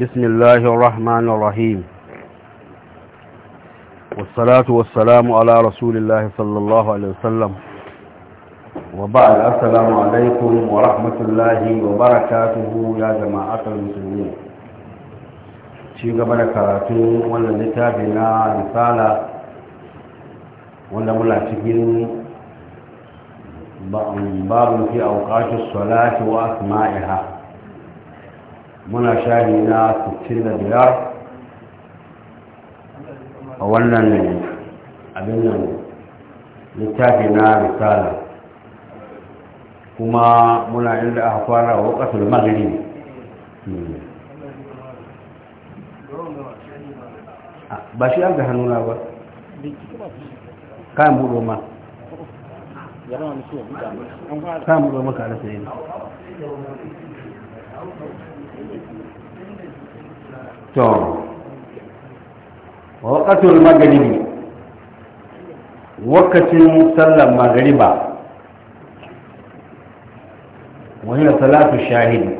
بسم الله الرحمن الرحيم والصلاة والسلام على رسول الله صلى الله عليه وسلم وبعد السلام عليكم ورحمة الله وبركاته يا جماعة المسلمين شيخ بركاته كراتين ولا لتابنا رسالة ولا ملاتبين باب في أوقات الصلاة وأسمائها muna shari na 65 a wannan abin nan littafi na risala kuma muna inda aka fara wa ƙasar magari hmm. ba shi an ga hannuna ba kayan buɗo ma kayan buɗo ma maka alasa ne to waqatul maghribi wakacin sallar maghriba wani salatu shahidi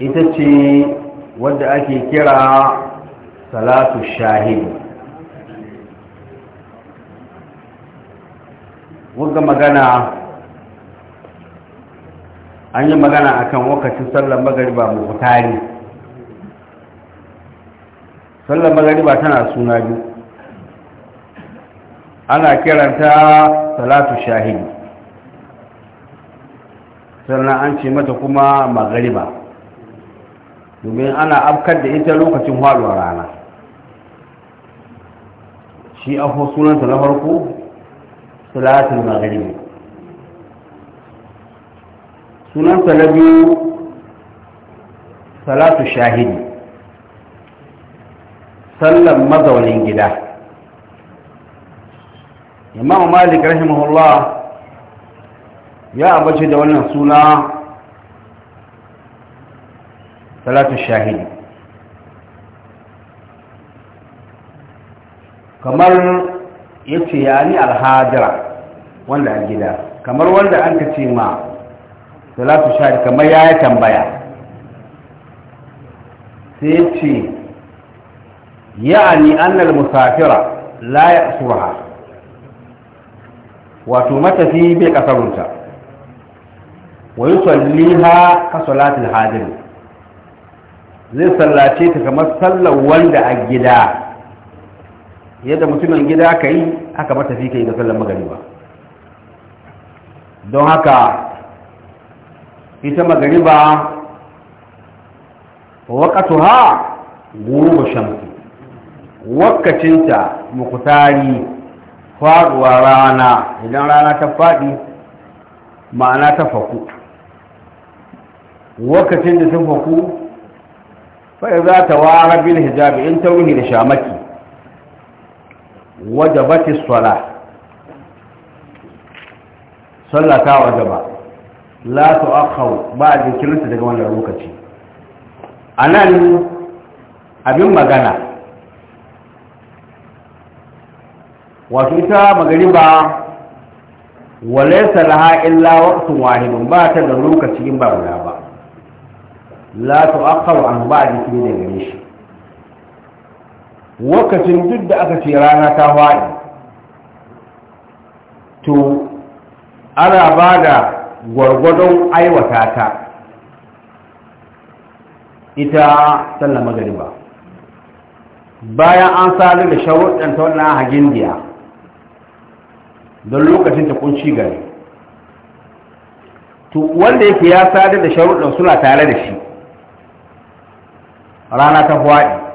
ita ce wadda ake kira salatu shahidi wadda magana an yi magana a kan wakacin sallar magariba mu fitari sallar magariba tana suna biyu ana kiranta salatu shahidi sannan an ce mata kuma magariba domin ana afkar da ita lokacin faruwar rana shi aho sunanta na farko salatul magariba Sunan na biyu salatu shahidi sallan mazaunin gida imam malik rahimahullah ya abace da wannan suna salatu shahidi kamar ya ce ya ni alhajira wanda a gida kamar wanda an ka ce ma salatu shari kamar ya yi tambaya sai ce ya'ani annal musafira la ya suha wato matafi bai kasarunta wa yi salliha ka Salatun hadir zai sallace ta kamar sallar wanda a gida yadda mutumin gida ka yi haka matafi ka yi ga sallar ba. don haka ita magariba waƙatuha goma shamsu wakacinta mukutari faɗuwa rana idan rana ta faɗi ma'ana ta faku wakacin da ta faku fa'i za ta wara bil hijabi in ta ruhi da shamaki wajabatis sala sallata wajaba la Akhau ba a jinkirinta daga wannan lokaci A nan, abin magana wasu ita magariba walaysa laha illa waqtun wahidun ba ta da lokaci in ba guda ba la tu'akhkharu an ba a jinkiri daga gare shi lokacin duk da aka ce rana ta faɗi to ana ba da gwargwadon aiwata ta ita sallar magariba bayan an sadu da sharuɗin ta wannan hagin diya don lokacin ta kunci gari to wanda yake ya sadu da sharuɗin suna tare da shi rana ta faɗi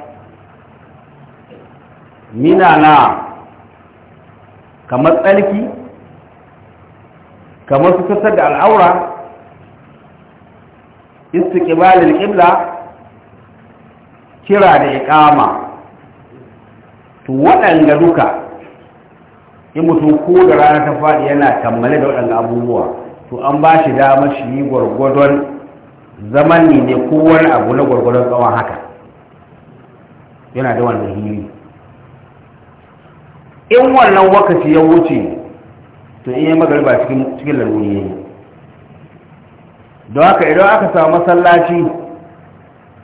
mina na kamar tsarki kamar su tattar da al'aura istiqbalil qibla kira da iqama to waɗanda duka in mutum ko da rana ta faɗi yana kammale da waɗanda abubuwa to an ba shi dama shi yi gwargwadon zaman ne ne ko abu na gwargwadon tsawon haka yana da wanda hiri in wannan wakaci ya wuce to in yi magariba cikin laruri ne don haka idan aka samu masallaci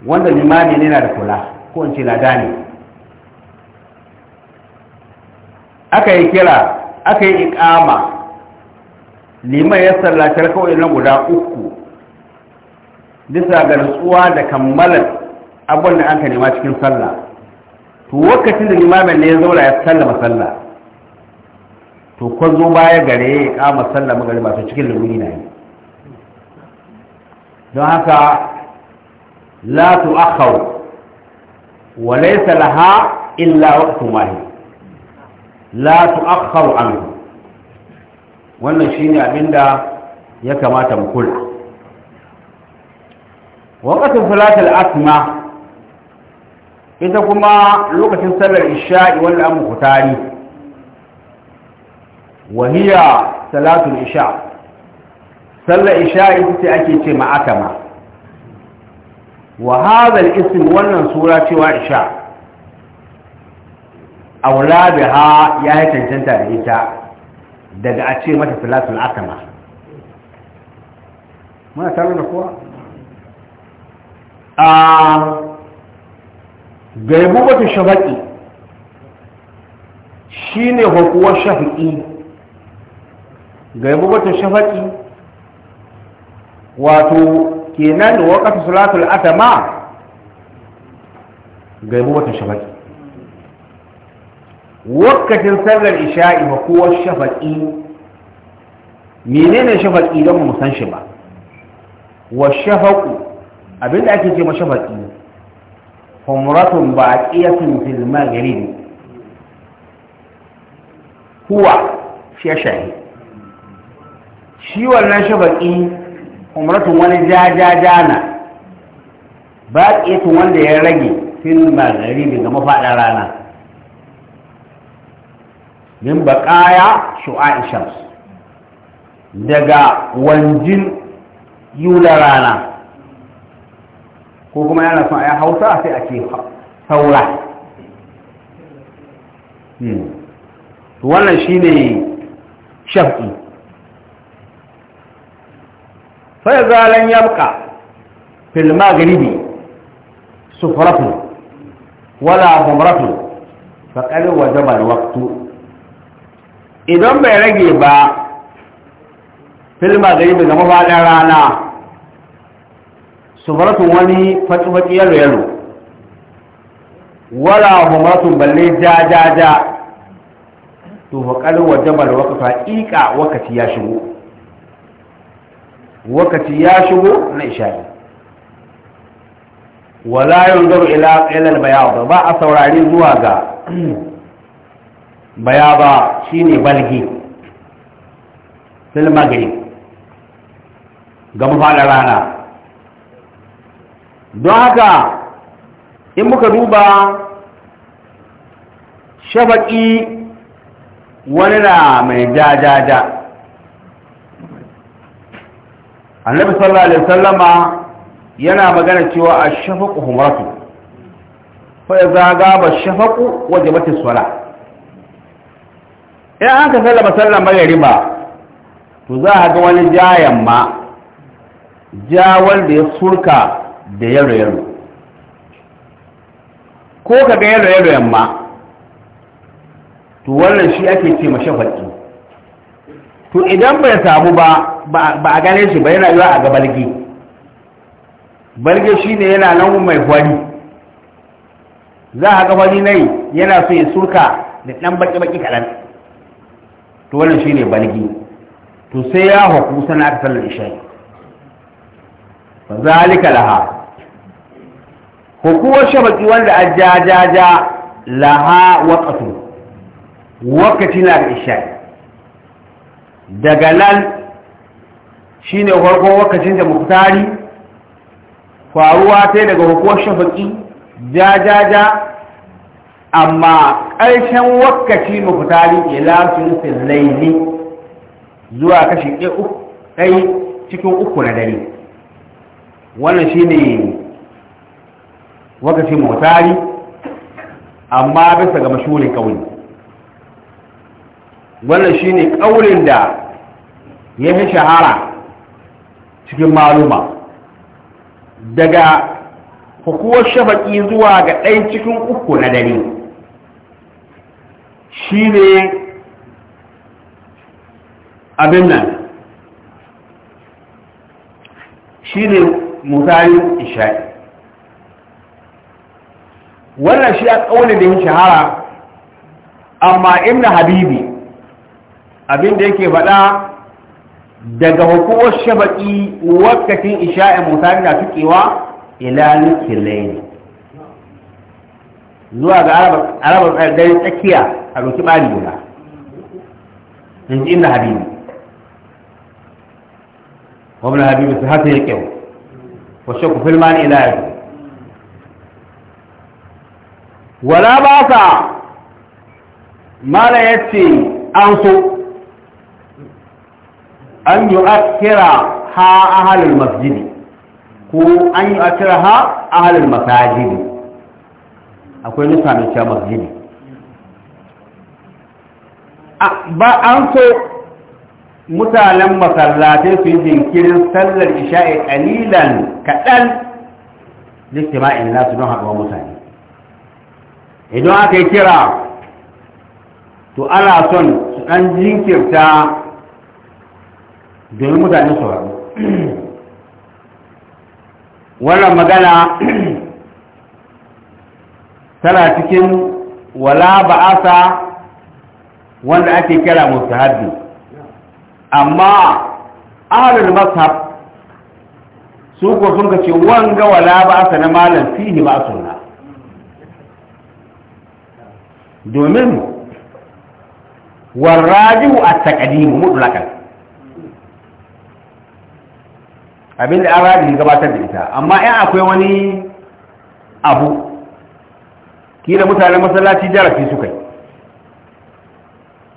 wanda limani ne na da kula ko in ce lada ne aka yi kira aka yi ikama liman ya sallatar kawai na guda uku bisa ga nutsuwa da kammalar abin da an ka nema cikin sallah to wakacin da limamin ne ya zaura ya sallama sallah to kwazo baya gare ya kama sallah magariba masu cikin luguri na yi don haka la tu'akhkhaw wa laysa laha illa waqtu mahi la tu'akhkhaw anhu wannan shine abinda ya kamata mu kula waqtu salatul asma ita kuma lokacin sallar isha'i wanda an mu kutari wahiya salatul isha sallar isha ita ce ake ce ma wa hadha ism wannan sura cewa isha aula ya yi cancanta da ita daga a ce mata salatul akama muna tare da kowa a gaibu wata shafaƙi shi ne hukuwar shafiƙi gaibu wata shafaki wato kenan waqtu salatul atama gaibu wata shafaki wakatin sallar isha'i ba kowa shafaki menene shafaki don mu san shi ba wa shafaku abinda ake ce ma shafaki humratun baqiyatun fil maghrib huwa shashahi shi wannan shafaƙi umratun wani jajaja na baƙetun wanda ya rage fin magharibi ga mafaɗa rana min baƙaya shu'a'i shams daga wanjin yula rana ko kuma yana son a yi hausa sai a ce saura hmm. wannan shi ne shafi fa zalan yabqa fil maghribi sufratu wala humratu faqad wajaba alwaqtu idan bai rage ba fil maghribi ga mafaɗin rana subaratun wani fatsi-fatsi yaro-yaro wala humaratun balle ja-ja-ja to faƙalin wajen balwaka fa'iƙa wakaci ya shigo wakati ya shigo na isha'i wala yanzuru ila ilal ba a saurari zuwa ga bayaba shine balgi fil maghrib ga mafaɗa rana don haka in muka duba shafaƙi wani na mai jajaja annabi sallallahu alaihi wasallama yana magana cewa ash-shafaqu humratu fa idza gaba ash-shafaqu wajibat as-salah in an ka sallama sallan magariba to za a ga wani jayan ma jawal da ya surka da yaro-yaro ko ka ga yaro-yaro yamma to wannan shi ake ce mashafaki to idan bai samu ba ba a gane shi ba yana yiwa a ga balge balge shine yana nan mai hwani za a ga hwani nai yana so ya surka da ɗan baki-baki kaɗan to wannan shine balge to sai ya haku sana aka sallar isha'i fa zalika laha hukuwar shabaki wanda a jajaja laha waƙatu wakati na da isha'i daga nan shi ne farko wakacin da muktari faruwa sai daga hukumar shafaƙi ja-ja-ja amma ƙarshen wakaci muktari ila nufin laili zuwa kashi ɗai cikin uku na dare wannan shi ne wakacin muktari amma bisa ga mashulin ƙauye wannan shine ƙaurin da ya fi shahara cikin maluma daga hukuwar shafaƙi zuwa ga ɗayan cikin uku na dare shi ne abin nan shi ne mutane isha'i wannan shi a ƙaunin da yin shahara amma imna habibi abin da yake faɗa daga hukumar shabaki wakatin isha'in mutane na tukewa ila nukilai zuwa ga arabar dare tsakiya a roki ɓari guda in ji inda habibu wabin habibu su hasa ya kyau wasu ku filma ne ila yau wala ba sa mala ya ce an so an yi yu'akkira ha ahalin masjidi ko an yi yu'akkira ha ahalin masajidi akwai nufa mai cewa masjidi ba an so mutanen masallatai su yi jinkirin sallar isha'i kalilan kaɗan listima'in nasu don haɗuwa mutane idan aka yi kira to ana son su ɗan jinkirta domin mutane sauraro wannan magana tana cikin wala ba'asa wanda ake kira mustahabbi amma ahalin mashab su ko sun ce wanga wala ba'asa na malam fihi ba sunna domin warrajihu takadimu mutu mutlaqan abin da arabi gabatar da ita amma in akwai wani abu kila mutanen masallaci jarafi suka yi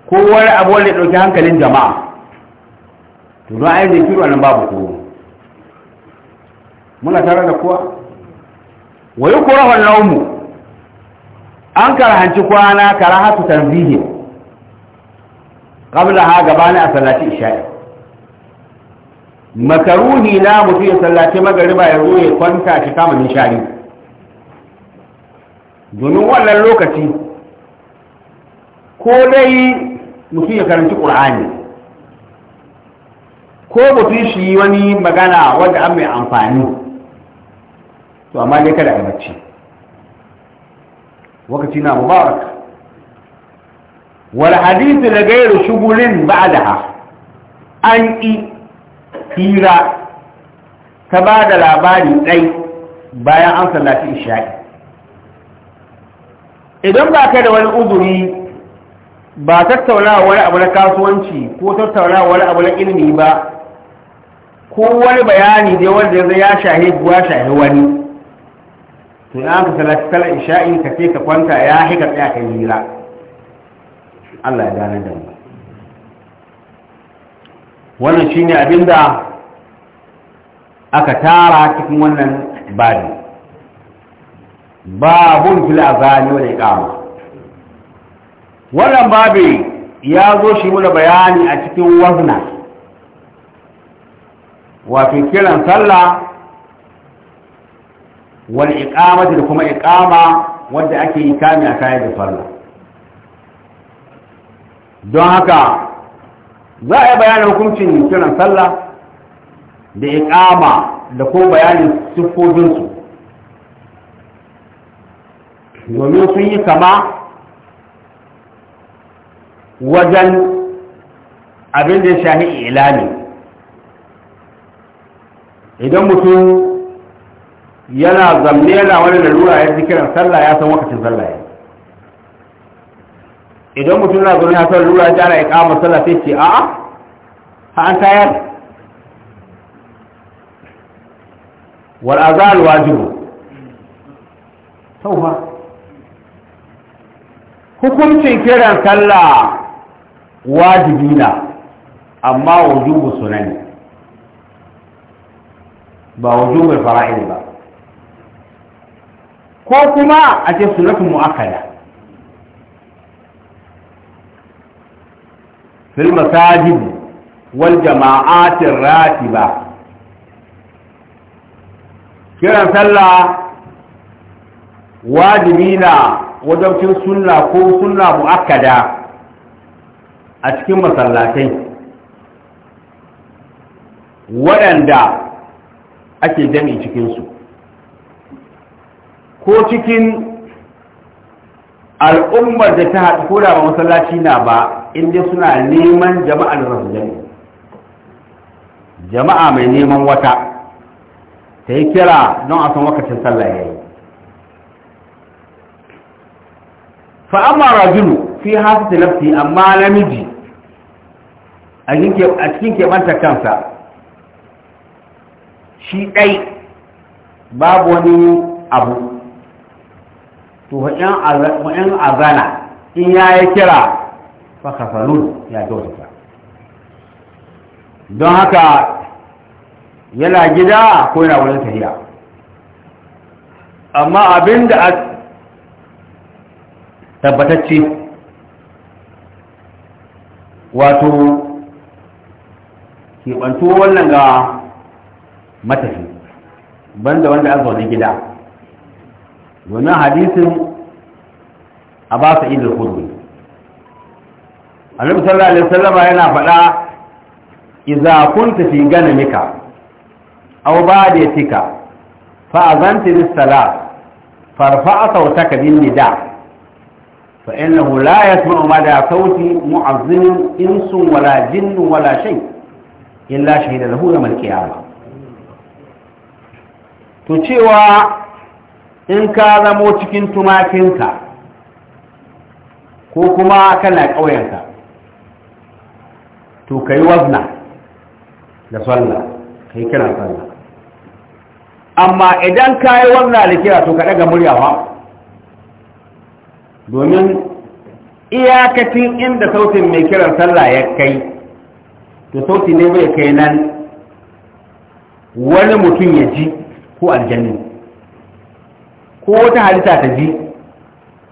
ko wani abu wanda ya ɗauki hankalin jama'a to don ayin da kiro nan babu ko muna tare da kowa wa yi wani naumu an karahanci kwana karahatu tanzihin qabla ha gabani a sallati isha'i makaruhi na mutu ya sallace magariba ya zo ya kwanta shi kama nishari domin wannan lokaci ko dai mutu ya karanci ƙur'ani ko mutu shi wani magana wanda an mai amfani to amma dai kada a bacci wakaci na mubarak wal hadithu la gairu shugulin ba'daha an i hira ta ba da labari ɗai bayan an sallaci isha'i idan ba kai da wani uzuri ba tattaunawa wani abu na kasuwanci ko tattaunawa wani abu na ilimi ba ko wani bayani da wanda ya shahe ya shahe wani to ya ka salati tala isha'i ka ce ka kwanta ya hika tsaya ka hira Allah ya gane da mu wannan shine abinda aka tara cikin wannan babi babun fil azani wani iqama wannan babi ya zo shi muna bayani a cikin wazna wato kiran sallah wani iqamati da kuma iƙama wadda ake yi kami a kayan da sallah don haka za a yi bayanin hukuncin kiran sallah da Iƙama da ko bayanin siffofinsu domin sun yi kama wajen abin da ya shahi ilani idan mutum yana zamne yana wani lalura ya ji kiran sallah ya san wakacin sallah ya idan mutum na zaune ya san lura jara ya kama sallah sai ce a'a ha an tayar wal azal wajibu tauba hukuncin kiran sallah wajibi na amma wujubu sunan ba wujubu fara'id ba ko kuma a ce sunatu mu'akkada fil masajid wal jama'atir ba? kiran sallah wajibi na wajabcin sunna ko sunna mu'akkada a cikin masallatai waɗanda ake dami cikinsu ko cikin al'ummar da ta haɗu ko da ba masallaci na ba inda suna neman jama'ar rafzani jama'a mai neman wata ta yi kira don a san wakacin sallah ya yi fa'amma rajulu fi hasu nafsi amma namiji a cikin keɓanta kansa shi ɗai babu wani abu to yan azana in ya yi kira fa ya kyautata don haka yana gida ko yana wurin tafiya amma abin da a tabbatacce wato keɓantu wannan ga matafi banda wanda an zaune gida domin hadisin a ba su idar kudu annabi sallallahu alaihi wasallam yana faɗa idza kunta fi ganamika aw ba'datika fa azanti bis-salat farfa'a sawtaka bin-nida fa innahu la yasma'u ma da sauti mu'azzimin insun wala jinnun wala shay illa shahida lahu yawm al-qiyamah to cewa in ka zamo cikin tumakinka ko kuma kana ƙauyenka to ka yi wazna da sallah ka yi kiran sallah amma idan ka yi wazna da kira to ka daga murya ba domin iyakacin inda sautin mai kiran sallah ya kai to sauti ne bai kai nan wani mutum ya ji ko aljanni ko wata halitta ta ji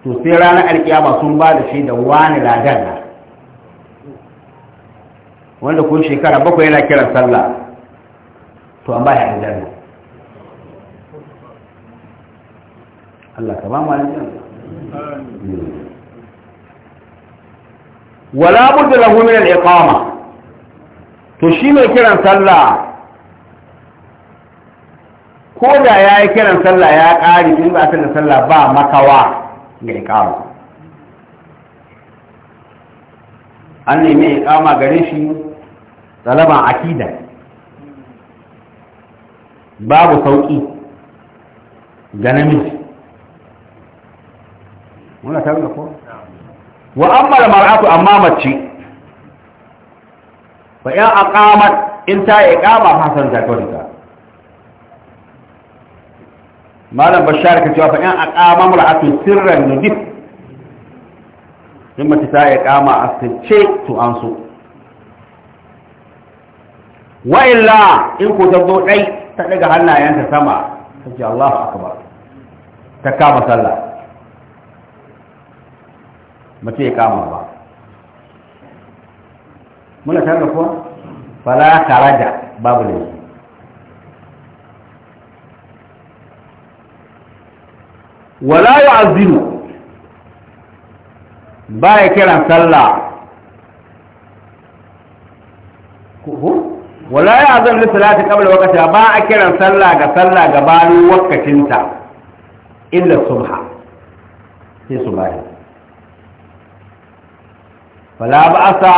to sai ranar alkiyama sun ba da shi da wani ladar na wanda kun shekara bakwai yana kiran sallah to an baya aljanna Allah ka ba mu aljanna hmm. wala budda lahu min al-iqama to shi mai kiran sallah ko da ya yi kiran sallah ya ƙari in ba da sallah ba makawa ga iqama an nemi ikama gare shi talaba akida babu sauki ga namiji muna tare da ko wa amma mar'atu amma mace fa ya aqamat in ta iqama hasan ta kaurita malam bashar ka cewa fa in aqama mar'atu sirran nudif in mace ta iqama asirce to an so wa illa in ku ta ɗai dai ta daga hannayenta sama ta ce Allahu akbar ta kama sallah mace ya kama ba muna tare kuwa fala karaja babu ne wala azinu ba ya kiran sallah ko wala ya azan li salati qabla waqtiha ba a kiran sallah ga sallah gabanin waqtinta illa subha sai subha wala ba asa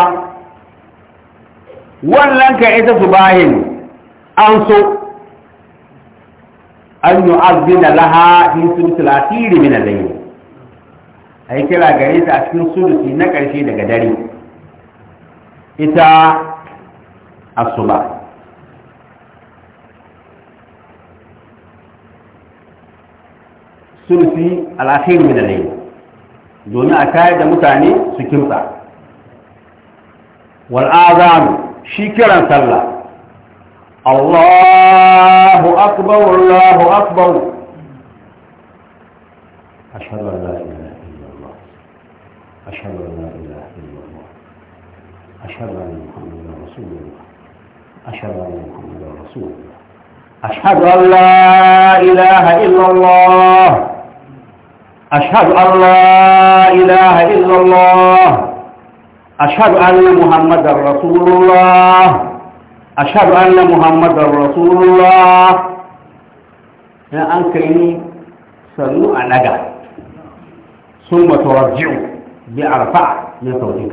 wannan ka ita subahin an so an yu'azzina laha fi sulusil akhir min al A yi kira gare ta a cikin sulusi na ƙarshe daga dare ita الصباح ثلثي الأخير من الليل دون أكايد متاني سكرتا والآذان شكرا صلى الله أكبر الله أكبر أشهد أن لا إله إلا الله أشهد أن لا إله إلا الله أشهد أن محمدا رسول الله أشهد أن محمدا رسول الله أشهد أن لا إله إلا الله أشهد أن لا إله إلا الله أشهد أن محمدا رسول الله أشهد أن محمدا رسول الله يا أنكرني صلوا على ثم ترجعوا بأرفع من صوتك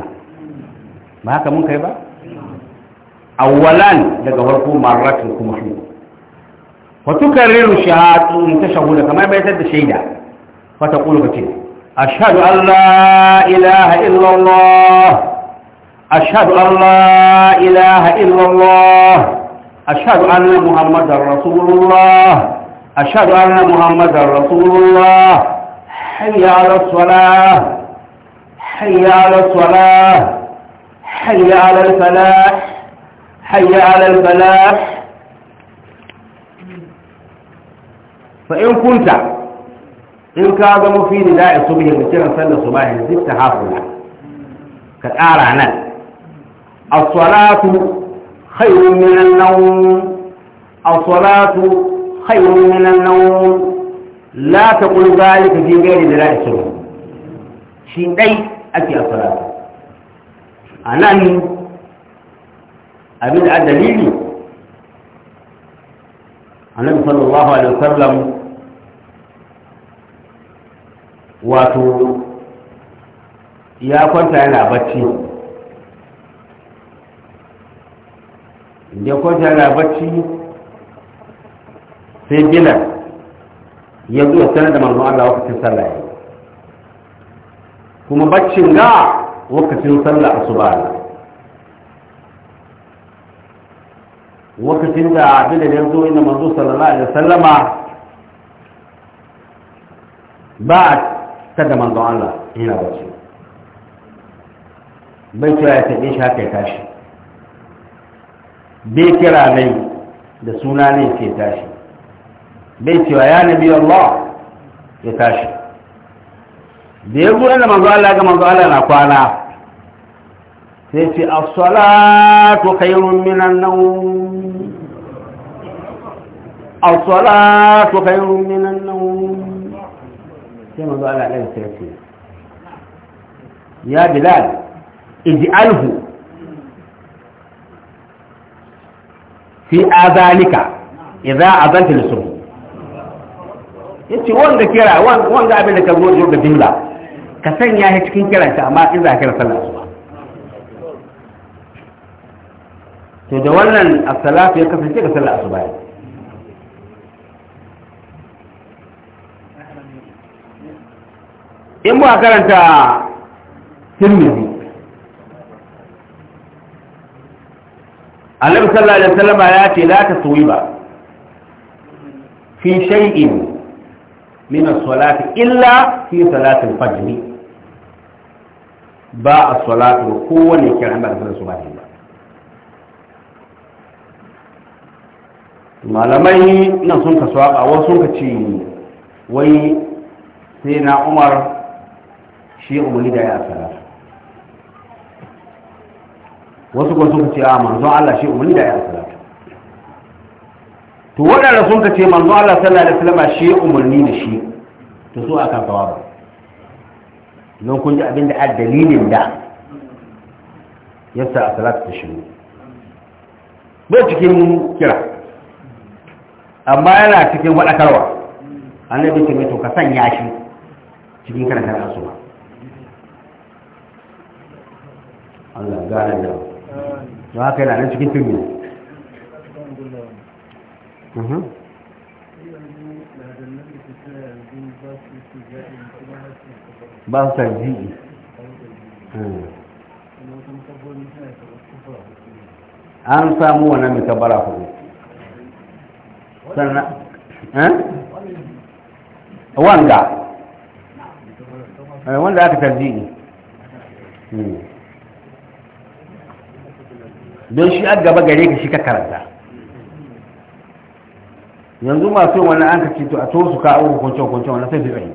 ما هكا ممكن يبقى awwalan daga farko marratun kuma shi wa tukarriru shahadu in tashahhuda kamar bai tada shaida fa taqulu kace ashhadu an la ilaha illa allah ashhadu an la ilaha illa allah ashhadu anna muhammadar rasulullah ashhadu anna muhammadar rasulullah hayya ala salah hayya ala salah hayya ala falah حي على الفلاح فإن كنت إن كاظم في نداء الصبح المتيرا صلى صباح زدت حافظا كالآر عنان الصلاة خير من النوم الصلاة خير من النوم لا تقل ذلك في غير دلاء الصبح شيء أي أتي الصلاة أنا abin da dalili annabi sallallahu alaihi wasallam wato ya kwanta yana bacci ya kwanta yana bacci sai bilal ya zo sanar da manzon Allah wakacin sallah kuma baccin ga wakacin sallah asuba ne lokacin da abin da ya zo inda manzo sallallahu alaihi wasallama ba a tada manzo Allah ina bace bai cewa ya tabe shi haka ya tashi bai kira mai da suna ne ke tashi bai cewa ya nabi Allah ya tashi da ya zo inda manzo Allah ga manzo Allah na kwana sai ce as-salatu khairun minan nawm as-salatu khairun minan nawm sai manzo Allah alaihi wasallam ya bilal ij'alhu fi azalika idza azanta lisum yace wanda kira wanda abin da ka zo da jimla ka sanya shi cikin kiranta amma in za ka kira sallah Sai da wannan as-salatu ya kasance ga sallar asuba in ba karanta tirmidhi annabi sallallahu alaihi wasallam ya ce la taswiba fi shay'in min as-salati illa fi salati al-fajr ba as-salatu kowane kiran da ba subahi malamai nan sun ka swaba wasu sun ka ce wai sai na umar shi umarni da ya asara wasu kuma sun ka ce a manzon Allah shi umarni da ya asara to waɗanda sun ka ce manzon Allah sallallahu alaihi wasallam shi umarni da shi to su akan tawaba don kun ji abin da a dalilin da yasa a ta shiru bai cikin kira amma yana cikin wadakarwa annabi ce mai to ka sanya shi cikin karanta ba. Allah gane da don haka yana nan cikin turmi mhm. ba su tarji'i hmm. an samu wannan mai tabbara hudu sannan eh? wanga eh, wanda aka tarjini hmm. don shi an gaba gare ka shi ka karanta yanzu masu wani an ka to a to su ka abu hukuncin hukuncin wani sai su tsaye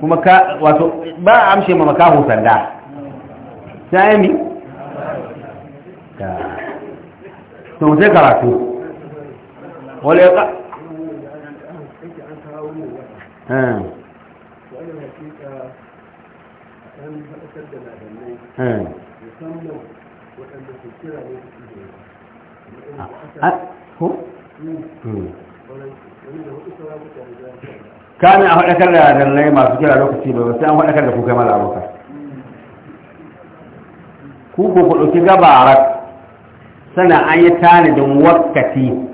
kuma ka wato ba a amshe ma makaho sanda sai mi ka to sai karatu wala ya ka eh. Eh. Eh. Hmm. kamin a faɗakar da dalilai masu kira lokaci ba sai an faɗakar da ku yi malamuka ku ku ku ɗauki gaba a rak sana an yi tanadin wakati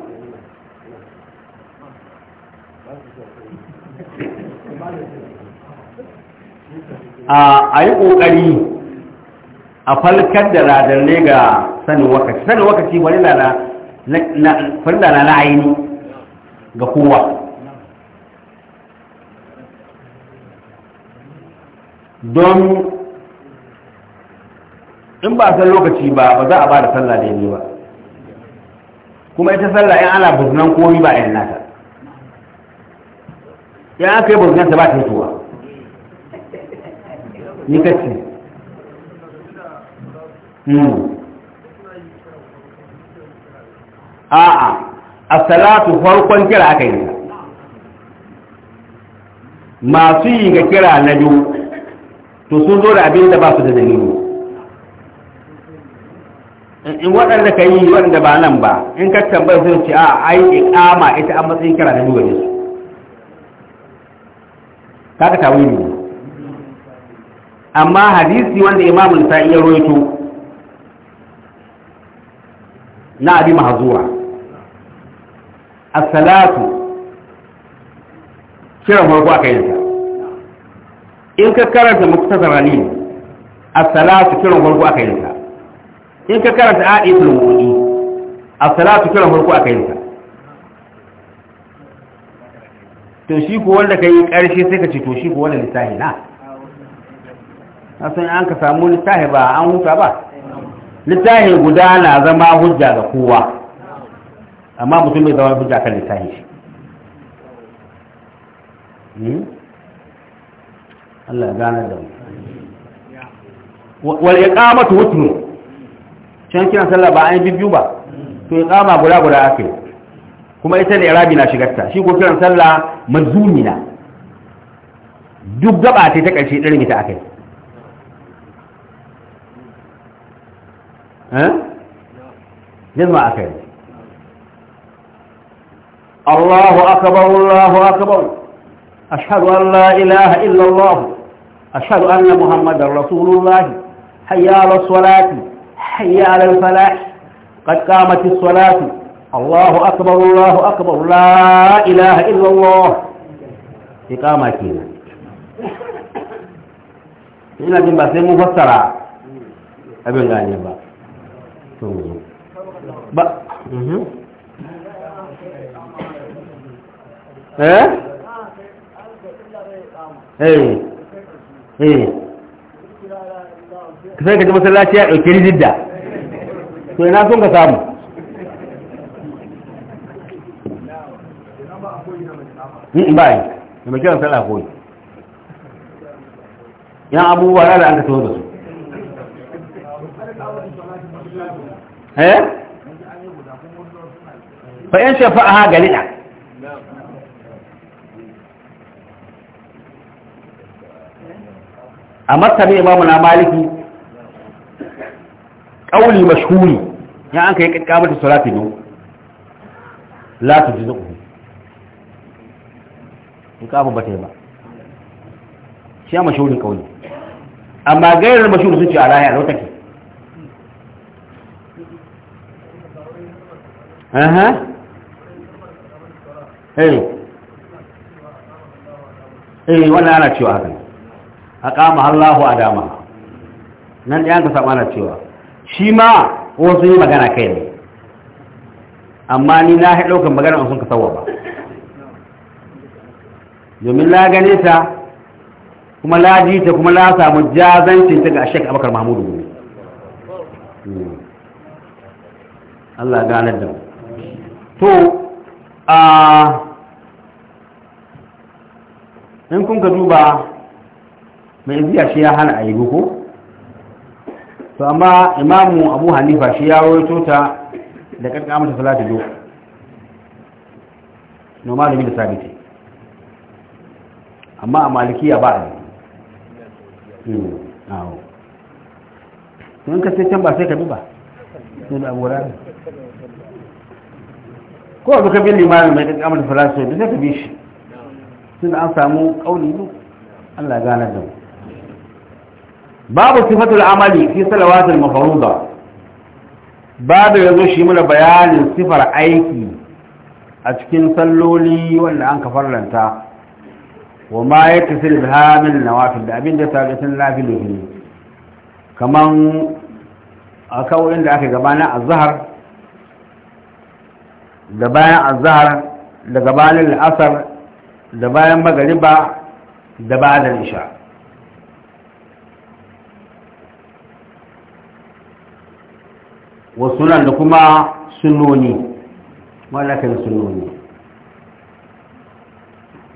a yi ƙoƙari a falkar da radarne ga sanin wakaci sanin wakaci farilla na la'ayini ga kowa don in ba san lokaci ba ba za a ba da sallah da yi ba kuma ita sallah in ana buzunan komi ba yi nata ya aka yi burgansa ba ta yi tuwa ni kacce hmm. a'a a salatu farkon kira aka yi masu yi ga kira na biyu to sun zo da abin da ba su da dalili in waɗanda ka yi waɗanda ba nan ba in ka tambayar sun ce a ai ikama ita an matsayin kira na biyu ga su kaga tawili ne amma hadisi wanda imamu ta iya roito na abi mahzura as-salatu kiran farko aka yin ta in ka karanta muktasar ali as-salatu kiran farko aka yin ta in ka karanta a'idul mu'mini as-salatu kiran farko aka yin ta to shi ko wanda ka yi ƙarshe sai ka ce to shi ko wanda littafi na Na san an ka samu littafi ba an huta ba littafi guda na zama hujja ga kowa amma mutum bai zama hujja kan littafi shi hmm? Allah ya gane da mu wal iqamatu wutnu can kiran sallah ba an biyu ba to iqama guda guda ake kuma ita da rabi na shigarta shi ko kiran sallah mazumina duk gaba ta ta karshe irin ta ها eh yanzu الله أكبر الله أكبر أشهد أن لا إله إلا الله أشهد أن محمد رسول الله حيا على الصلاة حيا على الفلاح قد قامت الصلاة Allahu akbar Allahu akbar la ilaha illa Allah iqama kenan ina ba sai mu fassara abin gane ba to ba mhm. eh eh eh sai ka ji masallaci ya ɗauki rijidda to ina son ka samu in bai da mai kiran sallah koyi yan abubuwa na da an ka taho da su eh fa yan shafa'a galida a martabi imamu na maliki ƙauli mashhuri ya an ka yi kakkamata salati biyu la tujizu iqamu bata yi ba shi a mashurin kauli amma gairar mashurin sun ce a lahiya lau ke aha eh eh wannan ana cewa haka aqama Allahu adama nan an ka saba ana cewa shi ma wasu yi magana kai ne amma ni na haɗaukan magana sun ka sawwa ba domin la gane ta kuma la ji ta kuma la samu jazancin ta ga Sheikh Abubakar Mahmudu hmm. Allah ganar da to a in kun ka duba mai ziya shi ya hana a yi ko to amma imamu abu hanifa shi ya rawaito tota da karkamata salatu do no malumi da sabiti amma a malikiya ba a yi hmm, in ka sai can ba sai ka bi ba sai da abu rami ko abu ka bin limanin mai kakka amurka falasiyar da sai ka bi shi sun an samu ƙauni ne allah gane da babu sifatul amali fi salawatul mafaruza babu yanzu shi mana bayanin sifar aiki a cikin salloli wanda an ka farlanta wa ma ya tafi da hamin nawafil da abin da ta ga sun lafi ne kaman a kawai da aka gabanin azhar da bayan azhar da gabanin al'asar da bayan magariba da bayan isha wasu nan da kuma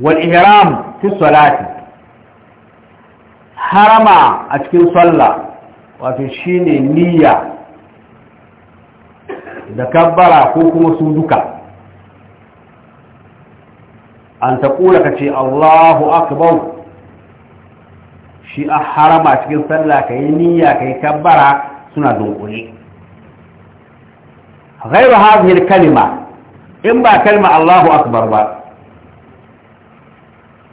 wal ihram fi salati harama a cikin sallah wato shine niyya da kabbara ko kuma su duka an ta ka ce allahu akbar shi a harama cikin sallah ka yi niyya ka yi kabbara suna dunkule غير هذه الكلمة in ba kalima Allahu akbar ba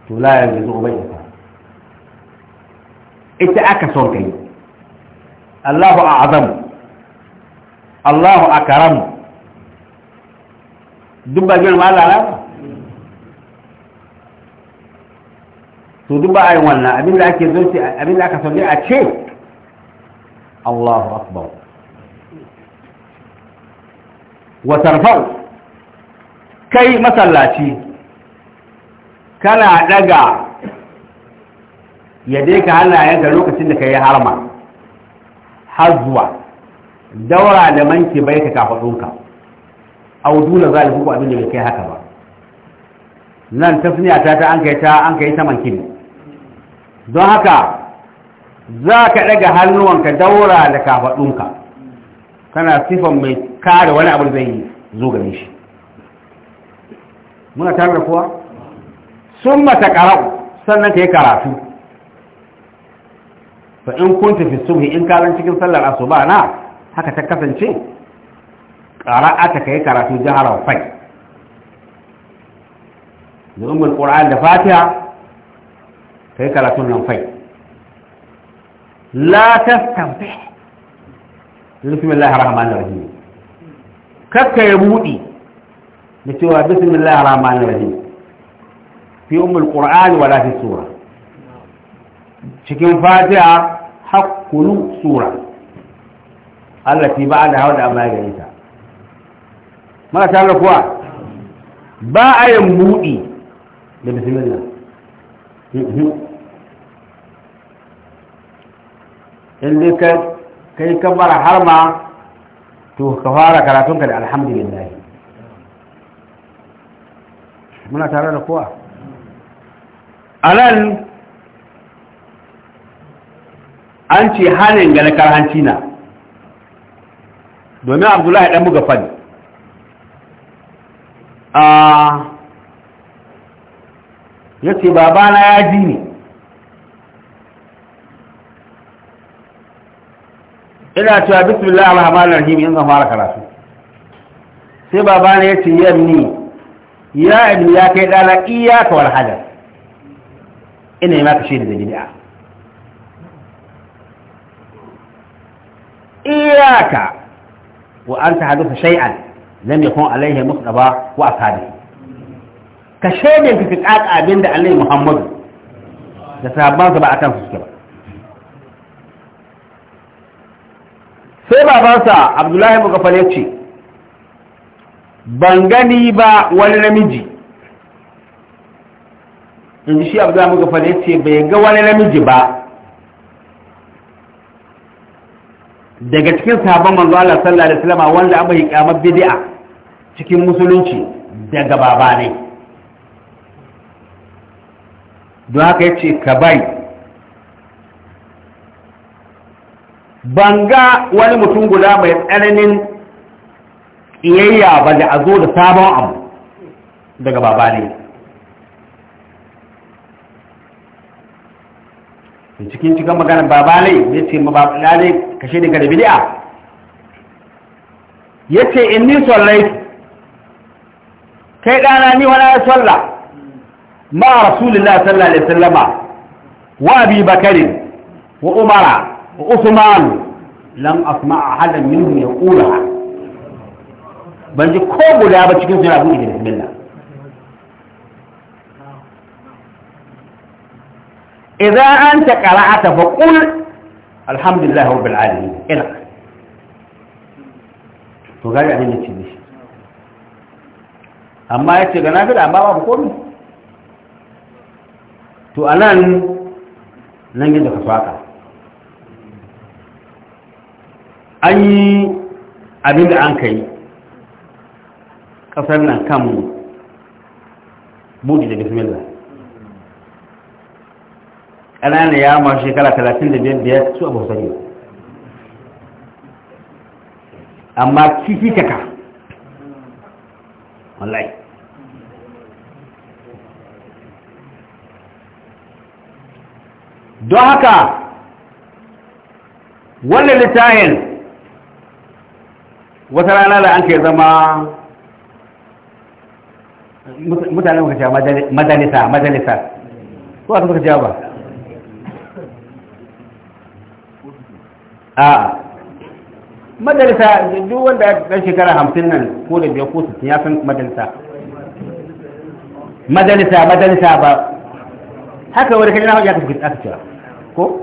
to la yanzu zo bai ita ita aka son kai Allahu a'azam Allahu akram duk ba girma Allah na to duk ba ai wannan abinda ake zo ce abinda aka son a ce Allahu akbar wa tarfa kai masallaci kana daga ya dai ka hannayenka lokacin da ka yi harma har zuwa daura da manke bai ka kafaɗunka auduna za ku abin da bai kai haka ba nan tasniya ta ta an kai ta an kai ta don haka za ka daga hannuwanka daura da kafaɗunka kana sifan mai kare wani abu zai zo game shi muna tare da kowa sun mata karau sannan ka yi karatu fa in kun tafi subhi in ka cikin sallar asuba na haka ta kasance ka yi karatu jaharan fai da ummul qur'an da fatiha yi karatun nan fai la tastanfi bismillahir rahmanir rahim kakka ya budi da cewa bismillahir rahmanir rahim في أم القرآن ولا في السورة شكين فاتحة حق كل سورة التي بعدها ولا ما جئتها ما تعرف واحد باء ينبوئي بسم الله اللي كان كي يكبر حرمة تو كفارة كراتون الحمد لله من أتعرف واحد a nan an ce hannun ga na karhanci na domin abdullahi ɗan buga a ya ce babana ya ji ne ina cewa bismillah alhamdulillah rahim in zan fara karatu sai babana ya ce yamni ya ibni ya kai dana iyaka wal hajar ina yi maka shaida da bid'a iyaka wa an tahaddatha shay'an lam yakun alaihi musdaba wa ashabi ka shaida ka kaka abin da Allah Muhammadu da sahabbansa ba akan su suke ba sai babansa Abdullahi Mugafal ya ce ban gani ba wani namiji in ji shi abu za mu gafa ya ce bai ga wani namiji ba daga cikin sabon manzo Allah sallallahu alaihi wasallam wanda an bai kyamar bid'a cikin musulunci daga baba ne don haka yace ka bai banga wani mutum guda mai tsananin iyayya ba da a zo da sabon abu daga baba ne cikin cikin maganar babalai ya ce babalai kashe daga da bid'a ya ce in ni sallai kai ɗana ni wani ya salla ma rasulullah sallallahu da sallama, wa abi bakarin wa umara wa usman a halin halan ya yaqulaha ban ji ko guda ba cikin sura buɗe da bismillah إذا أنت قرأت فقل الحمد لله رب العالمين إلى تغير عن التنش أما يتغنى في الأمام بقول تؤلن نجد خصواتا أي abin da an kai ƙasar nan kan buɗe da bismillah ƙananan ya masu shekara talatin da biyar biyar su abu sani amma kifi kaka wallahi don haka wannan littayin wata rana da an ke zama mutane muka ce majalisa majalisa ko a suka ce ba a madalisa duk wanda ya ɗan shekara hamsin nan ko da biyar ko sittin ya san madalisa madarsa madarsa ba haka wani kanyar hau ya kafin aka cewa ko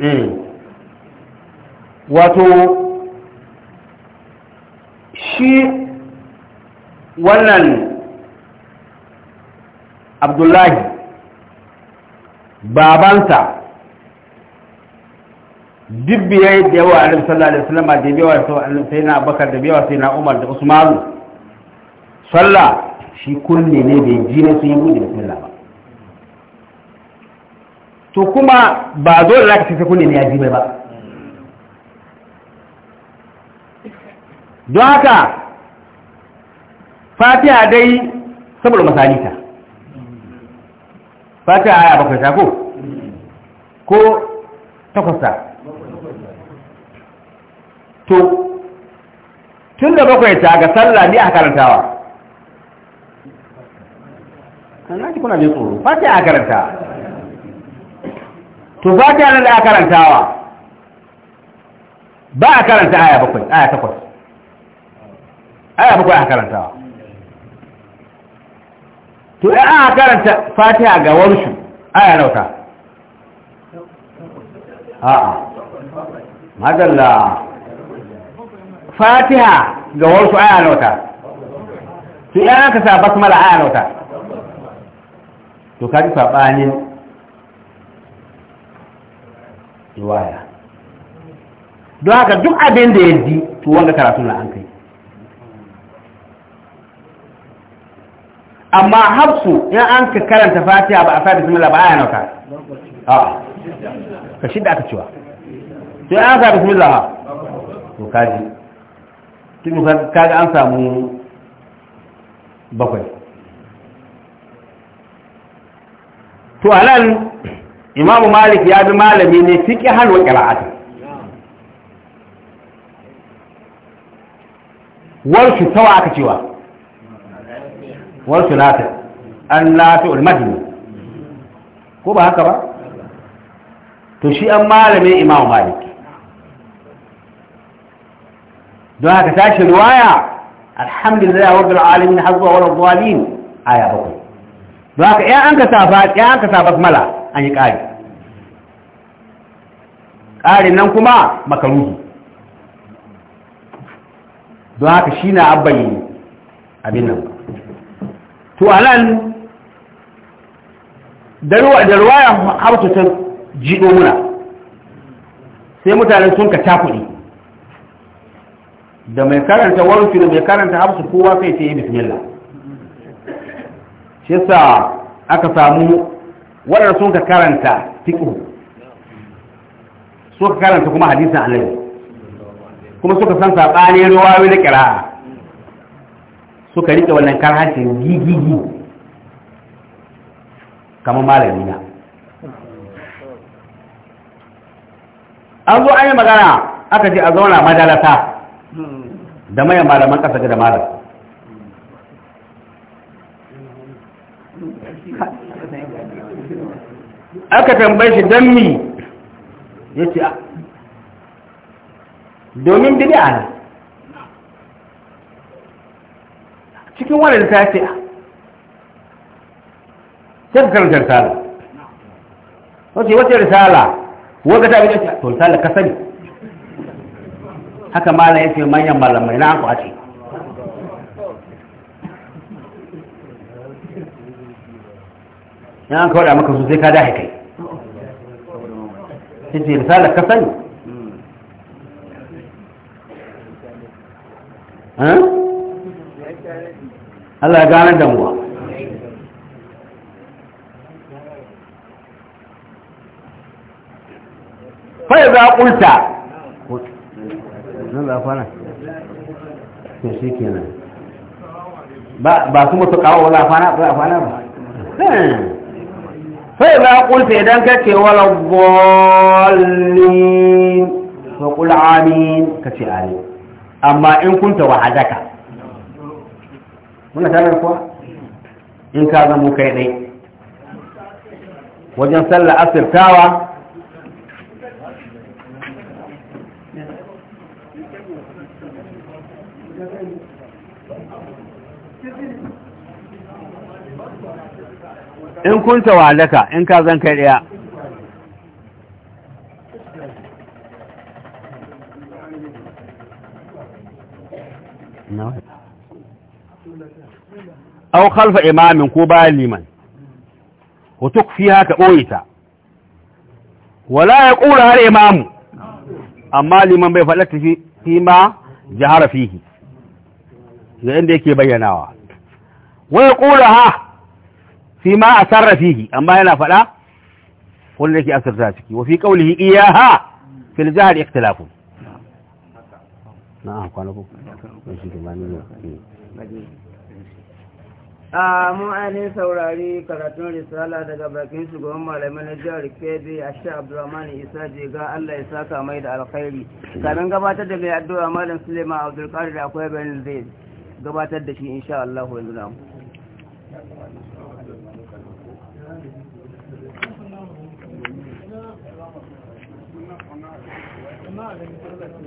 mm. wato shi wannan abdullahi babansa duk biyar da yawa alim sallallahu alaihi wasallam da yawa sai na bakar da yawa sai na umar da usman sallah shi kulli ne bai ji ne sun yi bude da ba to kuma ba dole za sai kulli ne ya ji bai ba don haka fatiha dai saboda masalita fatiha aya bakwai ta ko ko takwas to tun da bakwai ta ga sallah ne a karantawa kan naki kuna jin tsoro Fati a karanta to fatiha nan da a karantawa ba a karanta aya bakwai aya takwas aya bakwai a karantawa to ya a karanta fatiha ga warshu aya nauta a'a madalla fatiha ga wasu aya nauta to idan aka sa basmala aya nauta to kaji sabanin riwaya don haka duk abin da ya ji to wanda karatu na an kai amma hafsu idan an ka karanta fatiha ba a sa basmala ba aya nauta a ka shi da aka cewa to ya an sa bismillah to kaji tun kaga an samu bakwai to a nan imamu malik ya bi malami ne fiƙi hannun ƙira'atun warshi tawa aka cewa warshi nata an ulmadi ulmadini ko ba haka ba to shi an malamin imamu malik don haka tashi riwaya alhamdulillah rabbil alamin hazwa wal zalim aya bakwai don haka ya an ka safa ya an ka safa mala an yi kari karin nan kuma makaruhi don haka shi na abbayi abin nan to anan da ruwayan habtu ta jiɗo muna sai mutane sun ka takuri da mai karanta warfi da mai karanta hafsu kowa sai ce yi bismillah shi sa aka samu waɗanda sun ka karanta fiƙo suka karanta kuma hadisan annabi kuma suka san saɓanin ruwawi da su suka riƙe wannan karhancin gigigi kamar malami na an zo an yi magana aka ce a zauna madalata da maya malaman kasa ga da malam aka tambaye shi don mi ya ce ah, domin bid'a ne cikin wani ce a sai ka karanta risala wace wace risala wanda ta bi da to risala ka sani haka malam ya ce manyan malamai na an kwace in an kawada maka su sai ka dahe kai sai ce risalar ka sani Allah ya gane damuwa fa ya za ƙulta nan za kwana to shi kenan ba kuma su kawo wala kwana ba ba hmm. sai za kulta idan kake ce wala bolin fa kul amin ka ce amin amma in kunta wahadaka muna tare kuwa in ka zama kai dai wajen sallar asirtawa kunta laka in ka zan kai ɗaya au khalfa imamin ko bayan liman wa fi haka ɓoye ta wala ya ƙura har imamu amma liman bai faɗa fi ma jihar fihi ga inda yake bayyanawa wai ƙura ha fi ma a sarrafihi amma yana faɗa wanda yake asirta ciki wa fi iya ha fil jahl ikhtilafu na'am kwana ko shi da mani ne a mu ainihin saurari karatun risala daga bakin shugaban malamai na jihar kebe a sha abdulrahman isa ga allah ya saka mai da alkhairi kamin gabatar da mai addu'a malam suleiman abdulkadir akwai bayan zai gabatar da shi insha allahu yanzu na mu magani tallafi